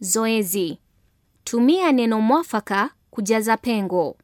Zoezi: tumia neno mwafaka kujaza pengo.